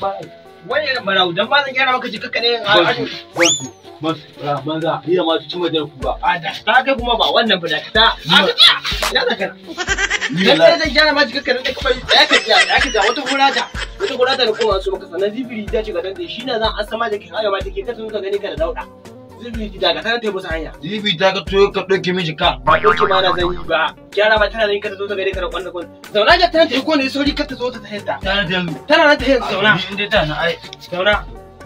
Wannan barawo dan ba zan gyara maka jikinka ne a Masu banza ni da masu cin majar ku ba. A da ta kai kuma ba wannan bada ta. A ka tsaya. Ina da kana. Dan sai zan gyara ma jikinka ne da kuma ya ka ya ka da wata gora wata gurata da kuma su maka sanan zibiri ta ce ga dan shi na zan an sama da kin ayo ma take ka tun ka gani ka da dauda. zubi daga ta ta musu hanya zubi ta ka to ka dauke miji ka ba ma na zan yi ba gyara ba tana nan ka ta zo ta gare ka da kwanda kwanda zauna ga tana ta yi sauri ka ta zo ta tahiyar ta tana da yanzu tana nan ta yanzu zauna ni inda ta na ai zauna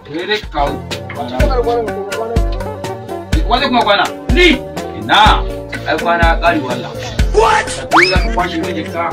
gare kawo wani kuma kwana ni ina ai kwana kari wallah what ka tura ka kwashe miji ka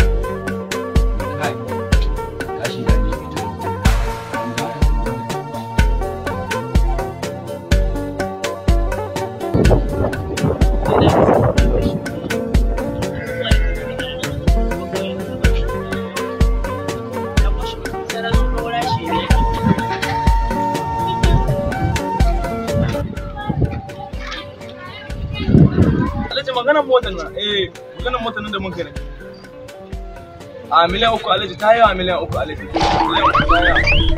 maganar motar na eh maganar motar nan da mun kai a miliyan uku alaji ta yi wa miliyan uku alaji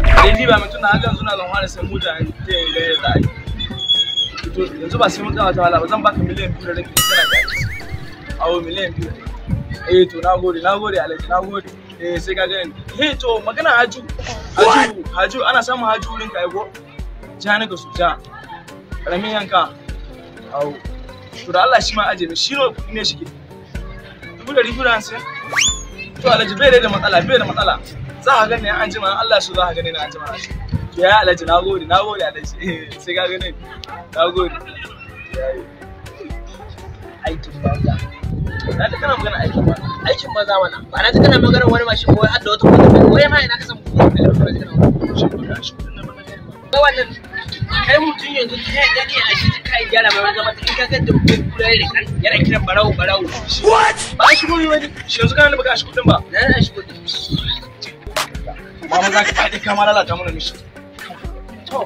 dai ji ba mutum na haka yanzu na zama sai sai mota ta yi gaya da ai yanzu ba sai mun tsawa ta wala ba zan baka miliyan biyu da rage kana da awo miliyan biyu eh to na gode na gode alaji na gode eh sai ka gani eh to magana haju haju haju ana samun haju wurin ka ai go ja ka ga su ja karamin yanka awo to da Allah shi ma aje shi ne kuɗi ne shige dubu da biyu da to alhaji bai da matsala bai da matsala za ka gane an jima Allah shi za ka gane na an jima to ya alhaji na gode na gode alhaji sai ka gane na gode aikin banza na ta kana magana aikin banza aikin banza mana ba na ta kana magana wani mashin ko har da wata kuma wai ma ina ka samu kuɗi da lafiya kana shi kuɗi shi kuɗi na ba wannan kai mutum yanzu ta gani a shi ta yi gyara mai zama ta kaga da mutum kula da kan yana kiran barawo barawo what ba shi kudi wani shi yanzu kana shi kudin ba na na shi kudin za ka faɗi kama lalata mana mishi to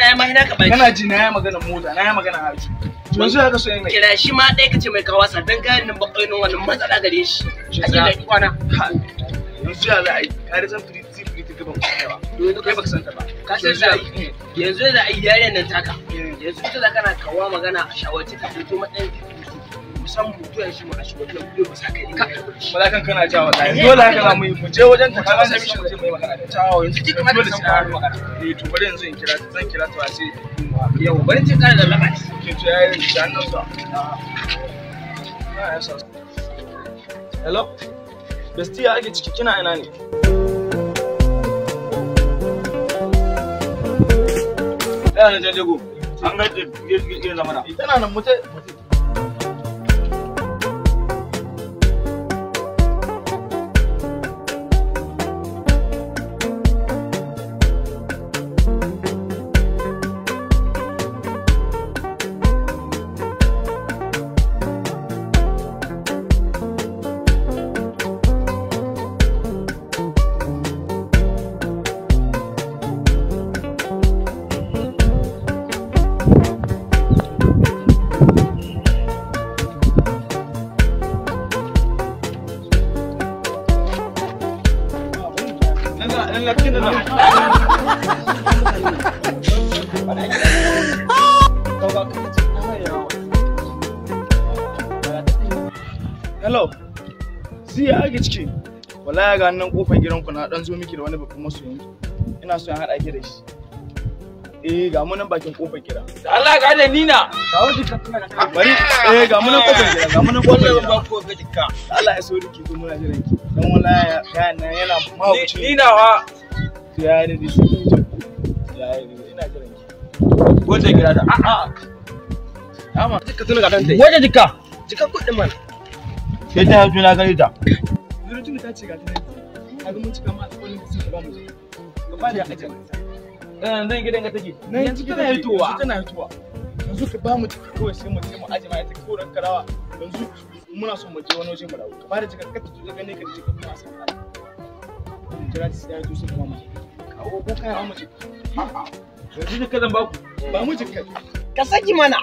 na yi ma hina ka bai kana ji na yi magana mota na yi magana harshe yanzu ya kaso yana kira shi ma kace mai kawa sadan nan nan wannan matsala gare shi a kwana yanzu ya za a yi gaban yanzu kai baka san ba ka san yanzu da ai yaren nan taka yanzu ita da kana kawo magana a shawarci ka fito matsayin yanzu a shawarci ba sa kai kan kana ta yanzu wala kana mu mu je wajen ta kana sai mu je magana yanzu da san magana eh to bari yanzu in kira zan kira ta yau bari kana da ke ce yayin da nan ciki kina ina ya nan jan jego. An ga jirgin ya Tana nan mutai. to siya ake ciki wallahi ga nan kofar gidanku na dan zo miki da wani babban masoyin ina so in haɗa ki da shi eh ga mu nan bakin kofar gida da Allah ga da nina ga wani ka bari eh ga mu nan kofar gida ga mu nan kofar gida ba ko ga jikka Allah ya so ki muna jiran ki dan wallahi ga nan yana nina wa ya da shi ya ina jiran ki gida da a'a amma jikka tun ga dan dai wanda jikka mana Sai ta hajju na gare ta. Zurutun ta ce ga ta nan. Kaga mun cika ma alƙawarin da suka ba mu. Gaba da ajiyar. Eh, nan zan gidan ka take. Nan yanzu tana hitowa. Tana Yanzu ka ba mu kawai sai mu je mu aje ma ita koran karawa. Yanzu muna son mu je wani waje mu dawo. Gaba da cika ka ta tuzo ka da cika kuma san Allah. Jira ta sai ta tuzo kuma mu. Kawo ko kai mu ciki. Yanzu da kadan ba Ba mu ciki. Ka saki mana.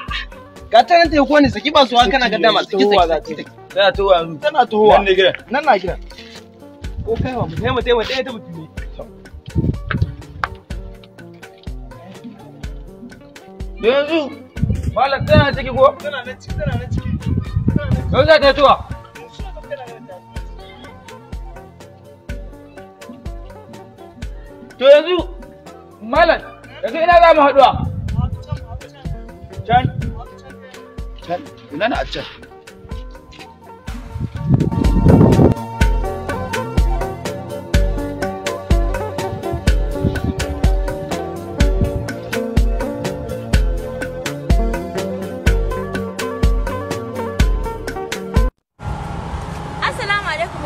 Ga ta nan ta yi ba su hankana ga dama saki saki saki. Tana tuwa yanzu. Tana Nan ne gidan. Nan na gidan. Ko kai wa mu mu ta Yanzu malam tana ciki ko? Tana nan ciki tana nan ciki. za ta To yanzu malam yanzu ina za mu haɗuwa? Can. Can. Ina na a can.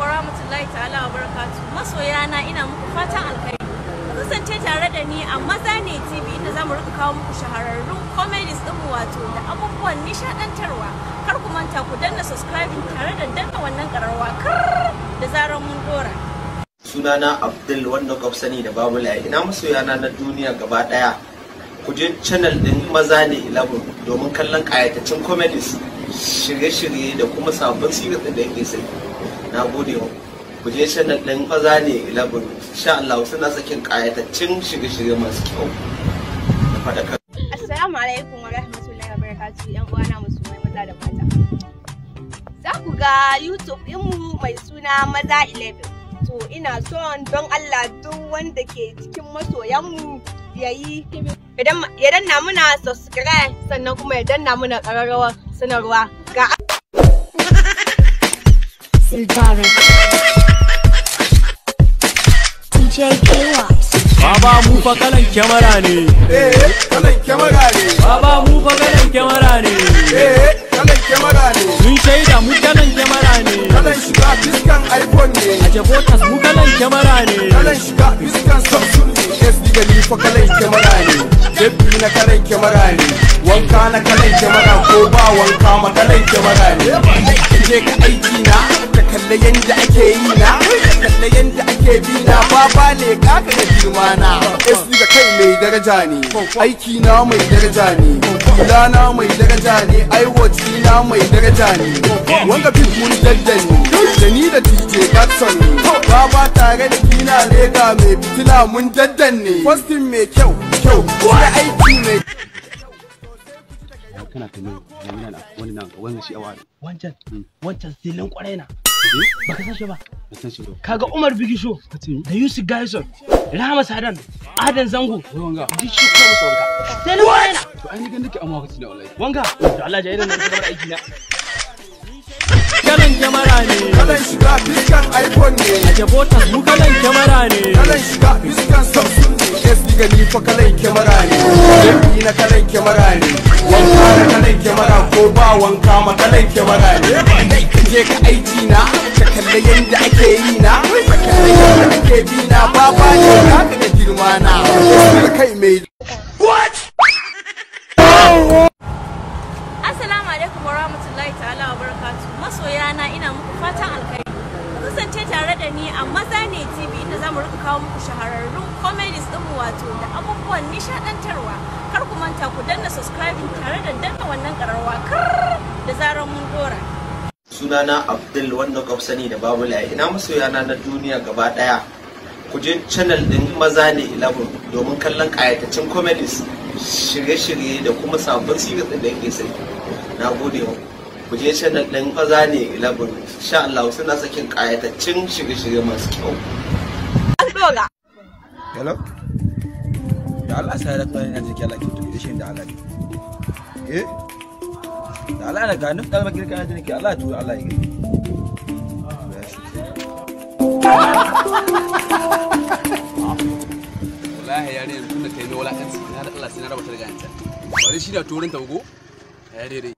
alaikum wa rahmatullahi ta'ala wa barakatu masoya na ina muku fatan alkhairi kasance tare da ni a maza ne tv inda zamu rika kawo muku shahararrun comedies din wato da abubuwan nishadantarwa kar ku manta ku danna subscribing tare da danna wannan kararwa kar da zarar mun dora sunana abdul wanda gwabsani da babu laye ina masoya na na duniya gaba daya ku je channel din maza ne 11 domin kallon kayataccen comedies shirye-shirye da kuma sabbin sirrin da yake sai na gode wa ku je channel ɗin maza ne 11 insha Allah suna sakin kayataccen shirye-shirye masu kyau da Assalamu alaikum wa rahmatullahi wa barakatuh yan uwana musulmai maza da mata za ku ga YouTube ɗinmu mai suna maza 11 to ina son don Allah duk wanda ke cikin masoyanmu ya yi ya danna muna subscribe sannan kuma ya danna muna ƙararrawar sanarwa ga DJ Baba mu fa kalan kyamara ne Eh kalan kyamara ne Baba mu fa kalan kyamara ne Eh kalan kyamara ne Mun shaida mu kalan kyamara ne Kalan shiga fiskan iPhone ne A Jabotas mu kalan kyamara ne Kalan shiga fiskan Samsung ne diga ni fa kalan kyamara ne Jebbi na kalan kyamara ne Wanka na kalan kyamara ko ba wanka ma kalan kyamara ne Je ka aiki na kalle yanda ake yi na kalle yanda ake bi na baba ne kaka da girma na esu ga kai mai daraja ne aiki na mai daraja ne kula na mai daraja ne iwatch na mai daraja ne wanga big mun daddani da ni da DJ Jackson ne baba tare da kina lega mai fitila mun daddani posting mai kyau kyau kuma aiki mai kana tunan wani nan wani shi a wancan wancan silin kwarai na ba ba kaga umar bigisho da yusuf gaison rahama sadan adan zango duk shi musu wanga sai na to ai ni amma wallahi wanga to Allah nan da aiki na kalan kyamara ne kalan shiga fiskan iphone ne a jabotas mu kalan kyamara ne kalan shiga fiskan samsung ne es diga ni fa kalan kyamara ne jami'i na kalan kyamara ne wanka na kalan kyamara ko ba wanka ma kalan kyamara ne kake bi na baba ne haka da girma na kai mai what assalamu alaikum wa rahmatullahi ta'ala wa barakatuh masoya na ina muku fatan alkhairi kasance tare da ni a maza ne tv inda za mu rika kawo muku shahararrun comedies mu wato da abubuwan nishadantarwa kar ku manta ku danna subscribing tare da danna wannan kararwa kar da zarar mun dora sunana abdul wanda kwaf sani da babu layi ina masoyana na duniya gaba daya ku je channel din maza ne 11 domin kallon kayataccen comedies shirye-shirye da kuma sabbin series din da yake sai na gode wa ku je channel din maza ne 11 insha Allah suna sakin kayataccen shirye-shirye masu kyau hello da Allah sai da kai yanzu kyala ki tuki shi da Allah eh da Allah ga nufin kalmar girka na jinki Allah ya Allah ya gani wallahi yare yanzu tunda kai ne walakanci na da Allah sai na raba ta daga yanta bari shi da turin tago yare dai